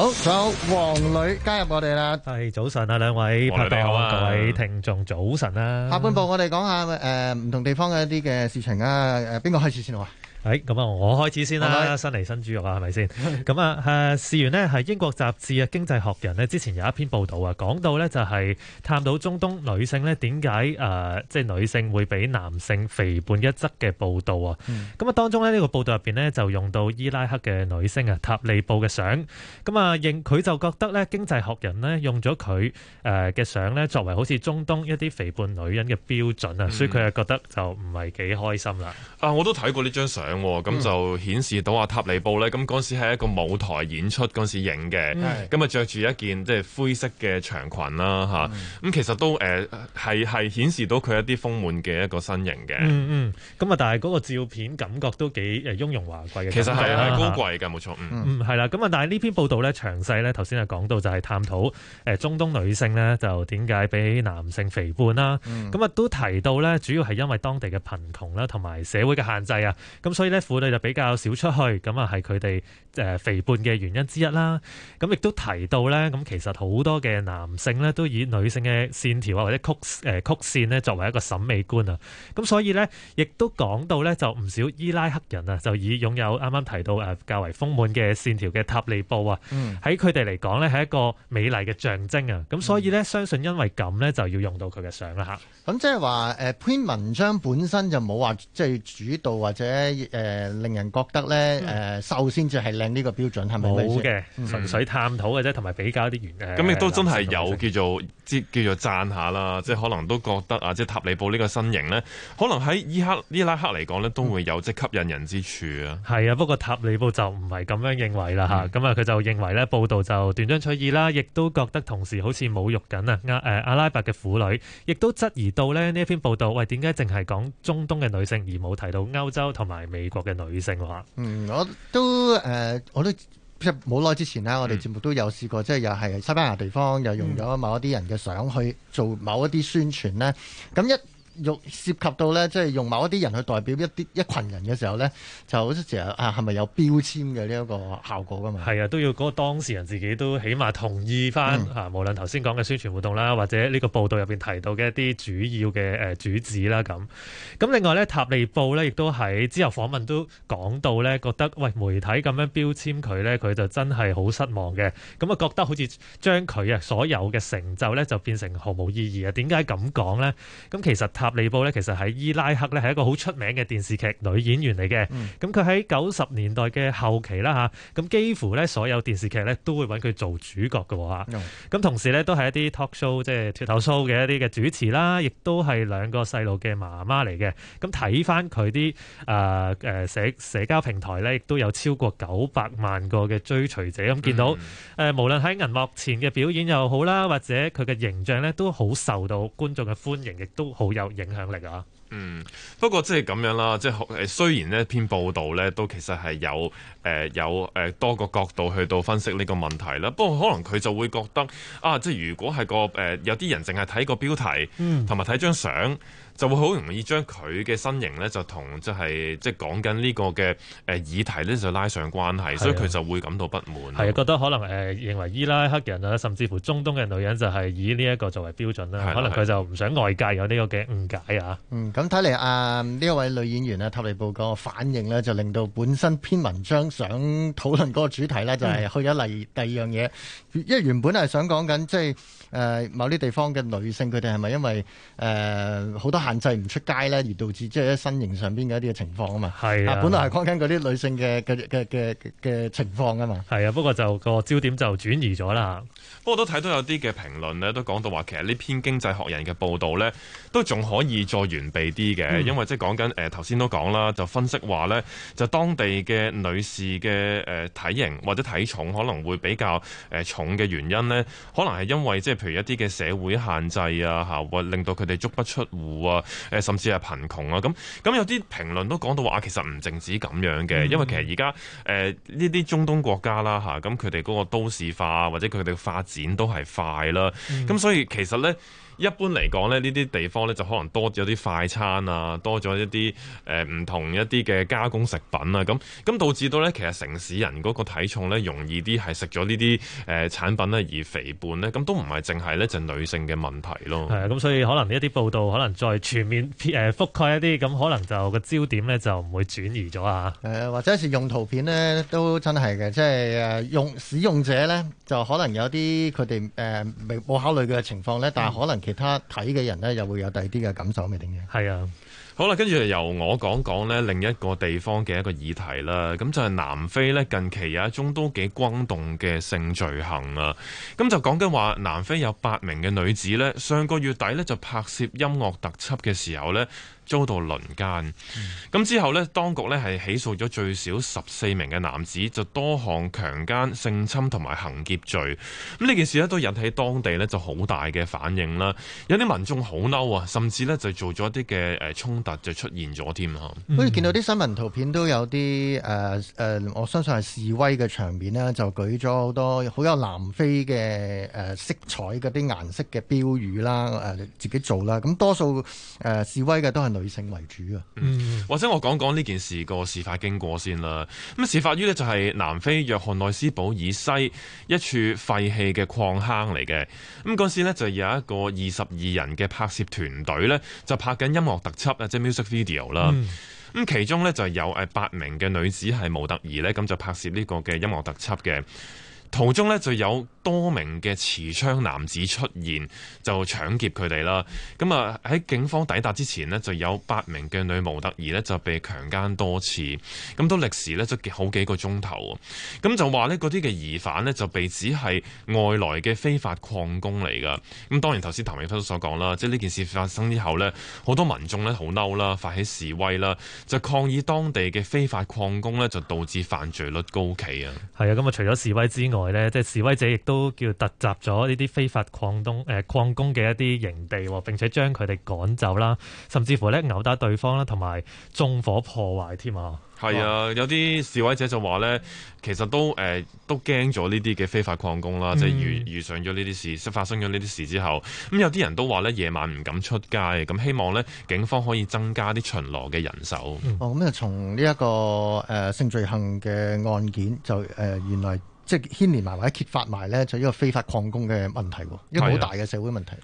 好，仲有王磊加入我哋啦。係早晨啊，兩位，拍檔，各位聽眾早晨啊。下半部我哋講下誒唔同地方嘅一啲嘅事情啊。誒，邊個開始先好啊？誒、哎，咁啊，我開始先啦、啊，新嚟新豬肉啊，係咪先？咁啊，誒，事緣呢，係英國雜誌啊，《經濟學人》呢。之前有一篇報道啊，講到呢，就係、是、探討中東女性呢點解誒，即係、呃就是、女性會比男性肥胖一則嘅報道啊。咁、嗯、啊，當中呢，呢、這個報道入邊呢，就用到伊拉克嘅女星啊，塔利布嘅相。咁、嗯、啊，認佢就覺得呢，《經濟學人》呢，用咗佢誒嘅相呢，作為好似中東一啲肥胖女人嘅標準啊、嗯，所以佢係覺得就唔係幾開心啦。啊，我都睇過呢張相。咁、嗯、就顯示到阿塔尼布咧，咁嗰時係一個舞台演出嗰時影嘅，咁啊着住一件即係灰色嘅長裙啦，咁、嗯啊、其實都係係、呃、顯示到佢一啲豐滿嘅一個身形嘅，嗯嗯，咁啊，但係嗰個照片感覺都幾誒雍容華貴嘅，其實係高貴嘅，冇、啊、錯，嗯，係、嗯、啦，咁、嗯、啊，但係呢篇報道咧，詳細咧頭先係講到就係探討誒中東女性咧就點解俾男性肥胖啦、啊，咁、嗯、啊、嗯、都提到咧，主要係因為當地嘅貧窮啦，同埋社會嘅限制啊，咁。所以咧，婦女就比較少出去，咁啊，係佢哋誒肥胖嘅原因之一啦。咁亦都提到咧，咁其實好多嘅男性咧，都以女性嘅線條啊，或者曲誒曲線咧，作為一個審美觀啊。咁所以咧，亦都講到咧，就唔少伊拉克人啊，就以擁有啱啱提到誒較為豐滿嘅線條嘅塔利布啊，喺佢哋嚟講咧，係一個美麗嘅象徵啊。咁所以咧，相信因為咁咧，就要用到佢嘅相啦嚇。咁即係話誒篇文章本身就冇話即係主導或者。呃、令人覺得咧誒瘦先至係靚呢個標準係咪？好嘅、嗯，純粹探討嘅啫，同埋比較啲原因。咁、嗯、亦、嗯、都真係有叫做即叫做讚下啦，即係可能都覺得啊，即係塔利布呢個身形呢，可能喺伊拉克嚟講呢，都會有即吸引人之處啊。係啊，不過塔利布就唔係咁樣認為啦吓咁、嗯、啊，佢就認為呢報道就斷章取義啦，亦都覺得同時好似侮辱緊啊阿、啊啊、阿拉伯嘅婦女，亦都質疑到呢一篇報道，喂，點解淨係講中東嘅女性而冇提到歐洲同埋美？美國嘅女性啊，嗯，我都誒、呃，我都即係冇耐之前啦，我哋節目都有試過，嗯、即係又係西班牙地方又用咗某一啲人嘅相去做某一啲宣傳咧，咁、嗯、一。涉及到咧，即係用某一啲人去代表一啲一群人嘅時候咧，就好似成日啊，係咪有標籤嘅呢一個效果㗎嘛？係啊，都要嗰個當事人自己都起碼同意翻啊、嗯，無論頭先講嘅宣傳活動啦，或者呢個報道入邊提到嘅一啲主要嘅誒主旨啦咁。咁另外咧，塔利布咧亦都喺之後訪問都講到咧，覺得喂媒體咁樣標籤佢咧，佢就真係好失望嘅。咁啊覺得好似將佢啊所有嘅成就咧就變成毫無意義啊？點解咁講咧？咁其實。塔利布咧，其實係伊拉克咧，係一個好出名嘅電視劇女演員嚟嘅。咁佢喺九十年代嘅後期啦嚇，咁幾乎咧所有電視劇咧都會揾佢做主角嘅。咁、嗯、同時咧都係一啲 talk show 即係脱口 show 嘅一啲嘅主持啦，亦都係兩個細路嘅媽媽嚟嘅。咁睇翻佢啲誒誒社社交平台咧，亦都有超過九百萬個嘅追隨者。咁見到誒、嗯，無論喺銀幕前嘅表演又好啦，或者佢嘅形象咧都好受到觀眾嘅歡迎，亦都好有。影響力啊！嗯，不過即係咁樣啦，即係誒雖然呢篇報道咧都其實係有。誒、呃、有誒、呃、多個角度去到分析呢個問題啦，不過可能佢就會覺得啊，即係如果係個誒、呃、有啲人淨係睇個標題，同埋睇張相，就會好容易將佢嘅身形呢，就同、就是、即係即係講緊呢個嘅誒議題呢，就拉上關係，嗯、所以佢就會感到不滿，係、啊啊、覺得可能誒、呃、認為伊拉克人啊，甚至乎中東嘅女人就係以呢一個作為標準啦、啊，可能佢就唔想外界有呢個嘅誤解啊。咁睇嚟啊呢一、啊嗯啊、位女演員啊塔利布個反應呢，就令到本身篇文章想討論個主題咧，就係去咗例第二樣嘢，因為原本係想講緊即係誒、呃、某啲地方嘅女性，佢哋係咪因為誒好、呃、多限制唔出街咧，而導致即係喺身形上邊嘅一啲嘅情況啊嘛。係啊，啊，本來係講緊嗰啲女性嘅嘅嘅嘅嘅情況啊嘛。係啊，不過就、那個焦點就轉移咗啦、嗯。不過都睇、那個、到有啲嘅評論咧，都講到話其實呢篇經濟學人嘅報道咧，都仲可以再完備啲嘅，因為即係講緊誒頭先都講啦，就分析話咧，就當地嘅女士。嘅誒體型或者體重可能會比較重嘅原因呢，可能係因為即係譬如一啲嘅社會限制啊嚇，或令到佢哋足不出戶啊，甚至係貧窮啊。咁咁有啲評論都講到話，其實唔淨止咁樣嘅，因為其實而家呢啲中東國家啦嚇，咁佢哋嗰個都市化或者佢哋發展都係快啦。咁所以其實呢。一般嚟講呢，呢啲地方呢就可能多咗啲快餐啊，多咗一啲呃、唔同一啲嘅加工食品啊，咁咁導致到呢，其實城市人嗰個體重呢容易啲係食咗呢啲誒產品呢而肥胖呢。咁都唔係淨係呢就女性嘅問題咯。係啊、咁所以可能呢啲報道可能再全面、呃、覆蓋一啲，咁可能就個焦點呢就唔會轉移咗啊、呃。或者係用圖片呢都真係嘅，即係用、呃、使用者呢就可能有啲佢哋未冇考慮嘅情況呢。但係可能。其他睇嘅人呢，又會有第二啲嘅感受，未定嘅。係啊，好啦，跟住由我講講呢另一個地方嘅一個議題啦。咁就係南非呢，近期有一宗都幾轟動嘅性罪行啊。咁就講緊話，南非有八名嘅女子呢，上個月底呢，就拍攝音樂特輯嘅時候呢。遭到輪姦，咁之後咧，當局咧係起訴咗最少十四名嘅男子，就多項強姦、性侵同埋行劫罪。咁呢件事咧都引起當地咧就好大嘅反應啦，有啲民眾好嬲啊，甚至咧就做咗一啲嘅誒衝突就出現咗添吓，好似見到啲新聞圖片都有啲誒誒，我相信係示威嘅場面啦，就舉咗好多好有南非嘅誒色彩嗰啲顏色嘅標語啦，誒、呃、自己做啦。咁多數誒、呃、示威嘅都係。女性為主啊，嗯、或者我講講呢件事個事發經過先啦。咁、嗯、事發於呢，就係、是、南非約翰內斯堡以西一處廢棄嘅礦坑嚟嘅。咁、嗯、嗰時呢，就有一個二十二人嘅拍攝團隊呢，就拍緊音樂特輯啊，即、就、係、是、music video 啦。咁、嗯、其中呢，就有誒八名嘅女子係模特兒呢，咁就拍攝呢個嘅音樂特輯嘅。途中咧就有多名嘅持槍男子出現，就搶劫佢哋啦。咁啊喺警方抵達之前咧，就有八名嘅女模特兒咧就被強姦多次，咁都歷時咧都好幾個鐘頭，咁就話咧啲嘅疑犯咧就被指係外來嘅非法礦工嚟噶。咁當然頭先譚偉輝所講啦，即係呢件事發生之後咧，好多民眾咧好嬲啦，發起示威啦，就抗議當地嘅非法礦工咧就導致犯罪率高企啊。係啊，咁啊除咗示威之外。即係示威者亦都叫突襲咗呢啲非法礦東，誒、礦工嘅一啲營地，並且將佢哋趕走啦，甚至乎咧毆打對方啦，同埋縱火破壞添啊！係啊，有啲示威者就話咧，其實都誒、呃、都驚咗呢啲嘅非法礦工啦，即係遇遇上咗呢啲事，發生咗呢啲事之後，咁有啲人都話咧夜晚唔敢出街，咁希望咧警方可以增加啲巡邏嘅人手。嗯、哦，咁啊，從呢一個誒性罪行嘅案件就誒、呃、原來。即係牽連埋或者揭發埋咧，就呢個非法礦工嘅問題，一個好大嘅社會問題。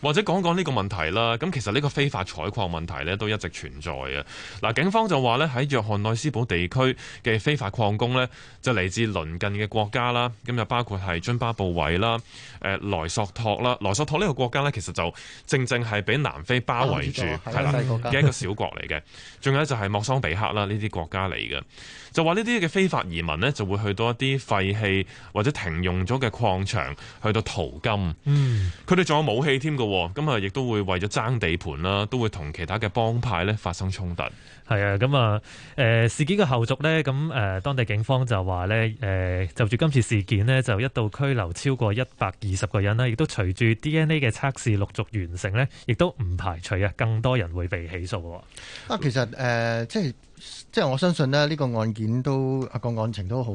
或者講講呢個問題啦。咁其實呢個非法採礦問題咧，都一直存在嘅。嗱，警方就話咧喺約翰內斯堡地區嘅非法礦工咧，就嚟自鄰近嘅國家啦。咁就包括係津巴布韋啦、誒萊索托啦、萊索托呢個國家咧，其實就正正係俾南非包圍住，係啦，嘅一個小國嚟嘅。仲有就係莫桑比克啦，呢啲國家嚟嘅。就話呢啲嘅非法移民咧，就會去到一啲廢棄，或者停用咗嘅礦場去到淘金，嗯，佢哋仲有武器添㗎，咁啊，亦都會為咗爭地盤啦，都會同其他嘅幫派咧發生衝突。係啊，咁啊，誒、呃，事件嘅後續咧，咁、呃、誒，當地警方就話咧，誒、呃，就住今次事件呢，就一度拘留超過一百二十個人啦，亦都隨住 D N A 嘅測試陸續完成呢，亦都唔排除啊，更多人會被起訴。啊，其實誒、呃，即係。即係我相信咧，呢個案件都個案情都好，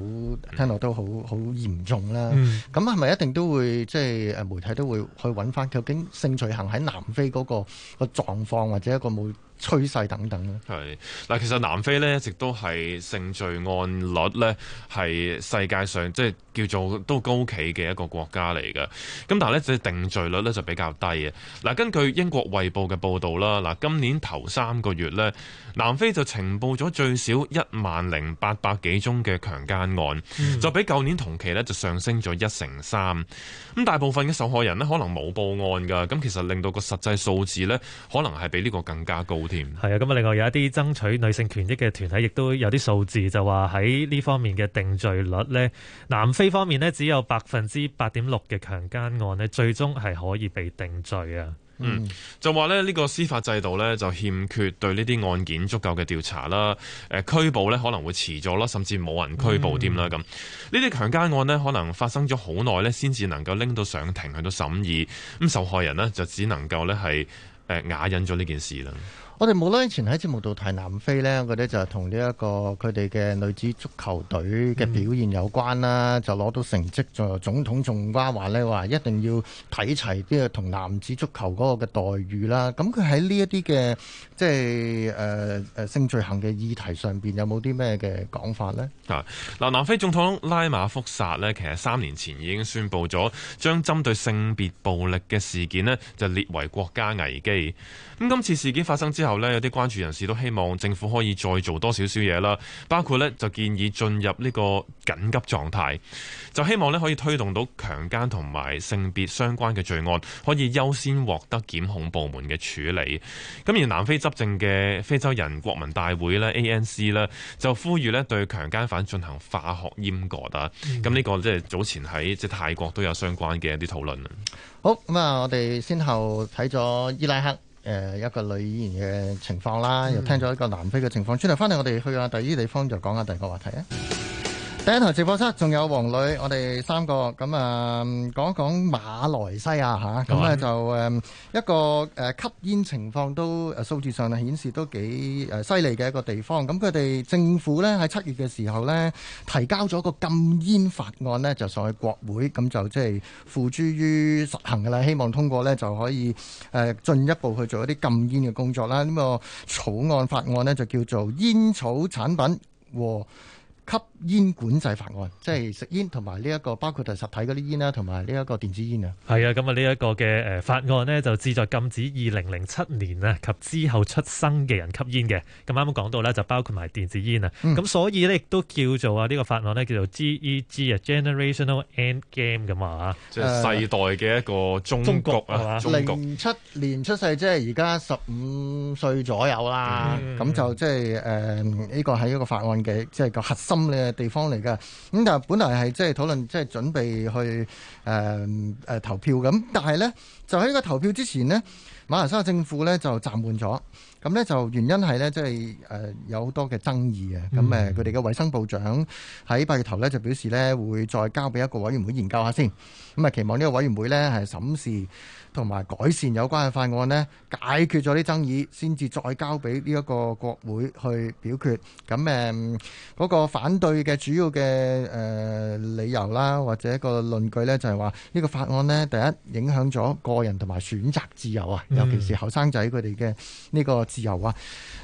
聽落都好好嚴重啦。咁係咪一定都會即係誒媒體都會去揾翻究竟性罪行喺南非嗰、那個個狀況或者一個冇？趨勢等等咯，係嗱，其實南非咧一直都係性罪案率咧係世界上即係、即係、叫做都高企嘅一個國家嚟嘅，咁但係呢，即係定罪率呢就比較低嘅。嗱，根據英國衛報嘅報導啦，嗱今年頭三個月呢，南非就呈報咗最少一萬零八百幾宗嘅強奸案，嗯，就比舊年同期呢就上升咗一成三。咁大部分嘅受害人呢，可能冇報案㗎，咁其實令到個實際數字呢，可能係比呢個更加高。係啊，咁啊，另外有一啲爭取女性權益嘅團體，亦都有啲數字，就話喺呢方面嘅定罪率咧，南非方面咧只有百分之八點六嘅強奸案咧，最終係可以被定罪啊。嗯，就話咧呢個司法制度咧就欠缺對呢啲案件足夠嘅調查啦，誒拘捕咧可能會遲咗咯，甚至冇人拘捕添啦。咁呢啲強奸案咧可能發生咗好耐咧，先至能夠拎到上庭去到審議，咁受害人咧就只能夠咧係誒啞忍咗呢件事啦。我哋冇耐以前喺節目度提南非呢，我覺得就係同呢一個佢哋嘅女子足球隊嘅表現有關啦、嗯，就攞到成績，仲有總統仲話話咧話一定要睇齊啲啊，同男子足球嗰個嘅待遇啦。咁佢喺呢一啲嘅即係誒誒性罪行嘅議題上邊，有冇啲咩嘅講法呢？嗱，南非總統拉馬福薩呢，其實三年前已經宣布咗將針對性別暴力嘅事件呢，就列為國家危機。咁今次事件發生之後，後咧有啲關注人士都希望政府可以再做多少少嘢啦，包括咧就建議進入呢個緊急狀態，就希望咧可以推動到強姦同埋性別相關嘅罪案可以優先獲得檢控部門嘅處理。咁而南非執政嘅非洲人國民大會咧 （ANC） 咧就呼籲咧對強姦犯進行化學閹割啊！咁、嗯、呢個即係早前喺即泰國都有相關嘅一啲討論。好咁啊，我哋先後睇咗伊拉克。誒、呃、一個女演員嘅情況啦，又聽咗一個南非嘅情況，轉頭翻嚟我哋去下第二啲地方就講下第二個話題啊。第一台直播室仲有黃女，我哋三個咁啊，講一講馬來西亞吓，咁、嗯、咧、啊、就誒一個誒吸煙情況都數字上啊顯示都幾誒犀利嘅一個地方。咁佢哋政府咧喺七月嘅時候咧提交咗個禁煙法案呢就上去國會，咁就即係付諸於實行噶啦。希望通過呢就可以誒進一步去做一啲禁煙嘅工作啦。呢、那個草案法案呢，就叫做煙草產品和。吸煙管制法案，即係食煙同埋呢一個包括就、這個、實體嗰啲煙啦，同埋呢一個電子煙啊。係啊，咁啊呢一個嘅誒法案呢，就旨在禁止二零零七年啊及之後出生嘅人吸煙嘅。咁啱啱講到咧，就包括埋電子煙啊。咁、嗯、所以咧，亦都叫做啊呢個法案呢，叫做 GEG 啊，Generational End Game 咁、嗯、啊，即、就、係、是、世代嘅一個中國啊，零、呃、七年出世，即係而家十五歲左右啦。咁、嗯、就即係誒呢個係一個法案嘅即係個核心。嘅地方嚟㗎，咁但係本來係即係討論，即係準備去誒誒、呃呃、投票咁，但係咧就喺個投票之前呢，馬來西亞政府咧就暫緩咗，咁咧就原因係咧即係誒有好多嘅爭議嘅，咁誒佢哋嘅衛生部長喺八月頭咧就表示咧會再交俾一個委員會研究下先，咁啊期望呢個委員會咧係審視同埋改善有關嘅法案咧，解決咗啲爭議，先至再交俾呢一個國會去表決。咁誒嗰個反對嘅主要嘅誒理由啦，或者一個論據呢，就係話呢個法案咧第一影響咗個人同埋選擇自由啊。尤其是後生仔佢哋嘅呢個自由啊，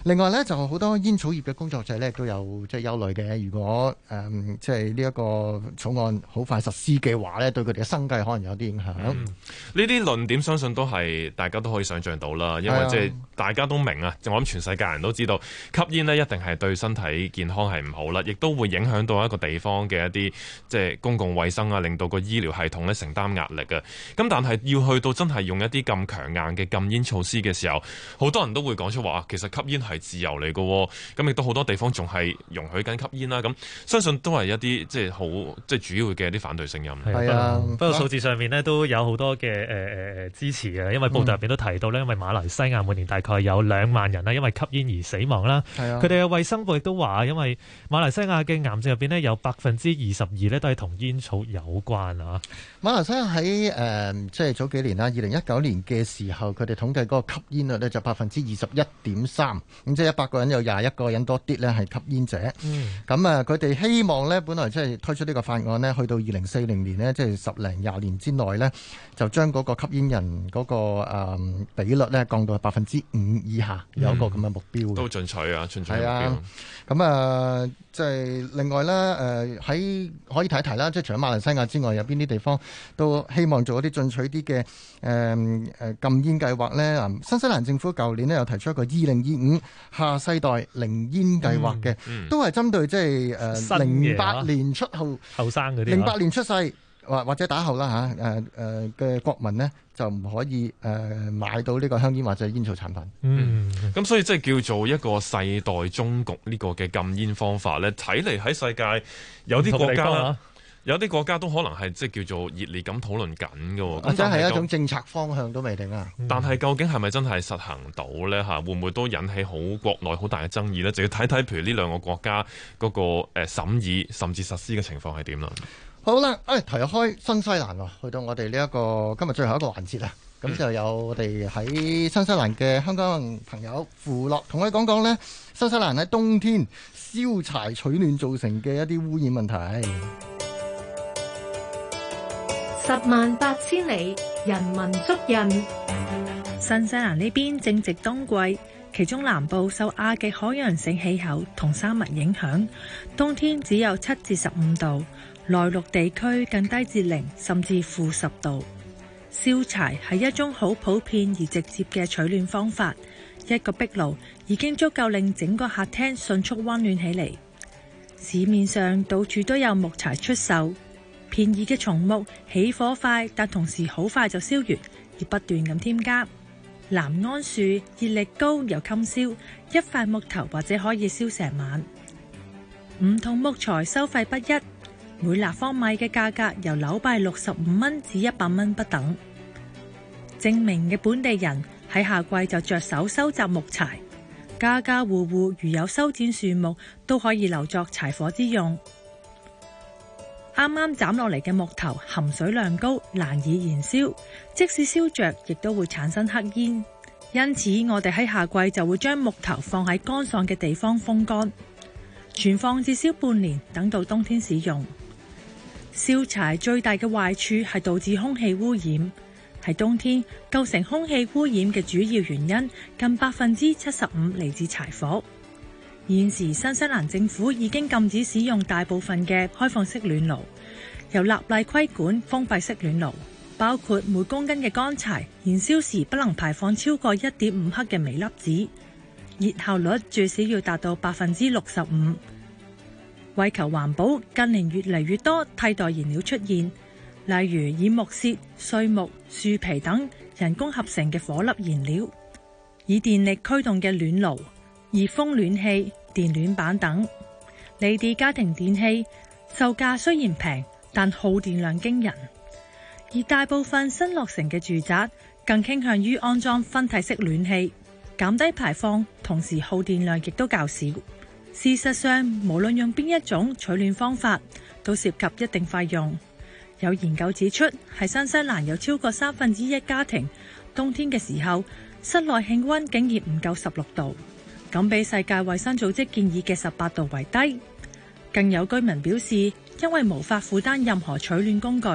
另外咧就好多煙草業嘅工作者咧都有即係憂慮嘅。如果誒即係呢一個草案好快實施嘅話咧，對佢哋嘅生計可能有啲影響。呢啲論點相信都係大家都可以想象到啦，因為即係大家都明啊，我諗全世界人都知道吸煙咧一定係對身體健康係唔好啦，亦都會影響到一個地方嘅一啲即係公共衛生啊，令到個醫療系統咧承擔壓力嘅。咁但係要去到真係用一啲咁強硬嘅咁。禁煙措施嘅時候，好多人都會講出話，其實吸煙係自由嚟嘅，咁亦都好多地方仲係容許緊吸煙啦。咁相信都係一啲即係好，即係主要嘅一啲反對聲音。係啊，啊，不過數字上面咧都有好多嘅誒誒支持嘅，因為報道入邊都提到咧、嗯，因為馬來西亞每年大概有兩萬人啦，因為吸煙而死亡啦。係啊，佢哋嘅衞生部亦都話，因為馬來西亞嘅癌症入邊咧有百分之二十二咧都係同煙草有關啊。馬來西亞喺誒即係早幾年啦，二零一九年嘅時候，佢哋統計嗰個吸煙率咧就百分之二十一點三，咁即係一百個人有廿一個人多啲咧係吸煙者。咁、嗯、啊，佢哋希望咧，本來即係推出呢個法案呢，去到、就是、二零四零年呢，即係十零廿年之內咧，就將嗰個吸煙人嗰、那個、呃、比率咧降到百分之五以下，有一個咁嘅目標嘅、嗯。都進取,取啊，進取目標。係啊，咁、呃、啊。即、就、係、是、另外啦，誒喺可以提一提啦，即係除咗馬來西亞之外，有邊啲地方都希望做一啲進取啲嘅誒誒禁煙計劃咧？啊，新西蘭政府舊年咧有提出一個二零二五下世代零煙計劃嘅、嗯嗯，都係針對即係誒零八年出後後生啲零八年出世。或或者打後啦嘅國民呢，就唔可以誒、呃、買到呢個香煙或者煙草產品。嗯，咁所以即係叫做一個世代終局呢個嘅禁煙方法呢，睇嚟喺世界有啲國家、啊、有啲國家都可能係即係叫做熱烈咁討論緊嘅。或者係一種政策方向都未定啊！嗯、但係究竟係咪真係實行到呢？會唔會都引起好國內好大嘅爭議呢？就要睇睇譬如呢兩個國家嗰個誒審議甚至實施嘅情況係點啦。好啦，哎，提開新西蘭去到我哋呢一個今日最後一個環節啦。咁就有我哋喺新西蘭嘅香港朋友符樂同我哋講講呢，新西蘭喺冬天燒柴取暖造成嘅一啲污染問題。十萬八千里，人文足印。新西蘭呢邊正值冬季，其中南部受亞極海洋性氣候同山脈影響，冬天只有七至十五度。內陸地區更低至零，甚至負十度。燒柴係一種好普遍而直接嘅取暖方法。一個壁爐已經足夠令整個客廳迅速温暖起嚟。市面上到處都有木柴出售，便宜嘅松木起火快，但同時好快就燒完，而不斷咁添加。南安樹熱力高又襟燒，一塊木頭或者可以燒成晚。唔同木材收費不一。每立方米嘅價格由紐幣六十五蚊至一百蚊不等。證明嘅本地人喺夏季就着手收集木柴，家家戶戶如有修剪樹木都可以留作柴火之用。啱啱斬落嚟嘅木頭含水量高，難以燃燒，即使燒着亦都會產生黑煙。因此，我哋喺夏季就會將木頭放喺乾爽嘅地方風乾，存放至少半年，等到冬天使用。燒柴最大嘅壞處係導致空氣污染，喺冬天構成空氣污染嘅主要原因近百分之七十五嚟自柴火。現時新西蘭政府已經禁止使用大部分嘅開放式暖爐，由立例規管封閉式暖爐，包括每公斤嘅乾柴燃燒時不能排放超過一點五克嘅微粒子，熱效率最少要達到百分之六十五。為求環保，近年越嚟越多替代燃料出現，例如以木屑、碎木、樹皮等人工合成嘅火粒燃料，以電力驅動嘅暖爐、熱風暖氣、電暖板等。呢啲家庭電器售價雖然平，但耗電量驚人。而大部分新落成嘅住宅更傾向於安裝分體式暖氣，減低排放，同時耗電量亦都較少。事實上，無論用邊一種取暖方法，都涉及一定費用。有研究指出，喺新西蘭有超過三分之一家庭冬天嘅時候，室內氣溫竟然唔夠十六度，咁比世界衛生組織建議嘅十八度為低。更有居民表示，因為無法負擔任何取暖工具，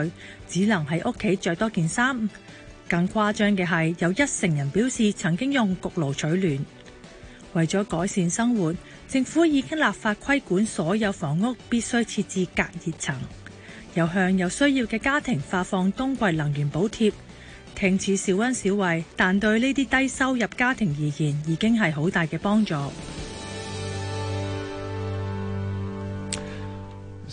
只能喺屋企着多件衫。更誇張嘅係，有一成人表示曾經用焗爐取暖。為咗改善生活，政府已經立法規管所有房屋必須設置隔熱層，又向有需要嘅家庭發放冬季能源補貼。聽似小恩小惠，但對呢啲低收入家庭而言，已經係好大嘅幫助。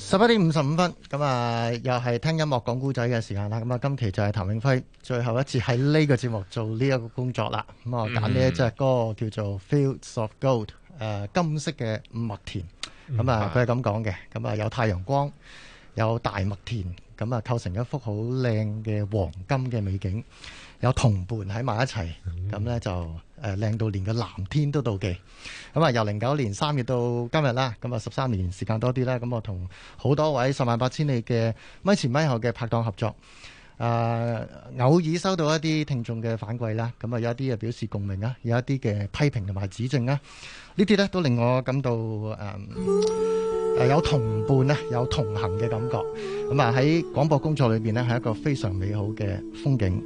十一點五十五分，咁啊又係聽音樂講古仔嘅時間啦。咁啊，今期就係譚永輝最後一次喺呢個節目做呢一個工作啦。咁啊，揀呢一隻歌叫做 Fields of Gold，誒，金色嘅麥田。咁啊，佢係咁講嘅。咁啊，有太陽光，有大麥田，咁啊，構成一幅好靚嘅黃金嘅美景，有同伴喺埋一齊，咁咧就。誒靚到連個藍天都妒忌，咁啊由零九年三月到今日啦，咁啊十三年時間多啲啦，咁、嗯、我同好多位十萬八千里嘅咪前咪後嘅拍檔合作，誒、呃、偶爾收到一啲聽眾嘅反饋啦，咁啊有一啲啊表示共鳴啊，有一啲嘅批評同埋指正啊，呢啲咧都令我感到誒誒、嗯呃、有同伴啊，有同行嘅感覺，咁啊喺廣播工作裏邊咧係一個非常美好嘅風景。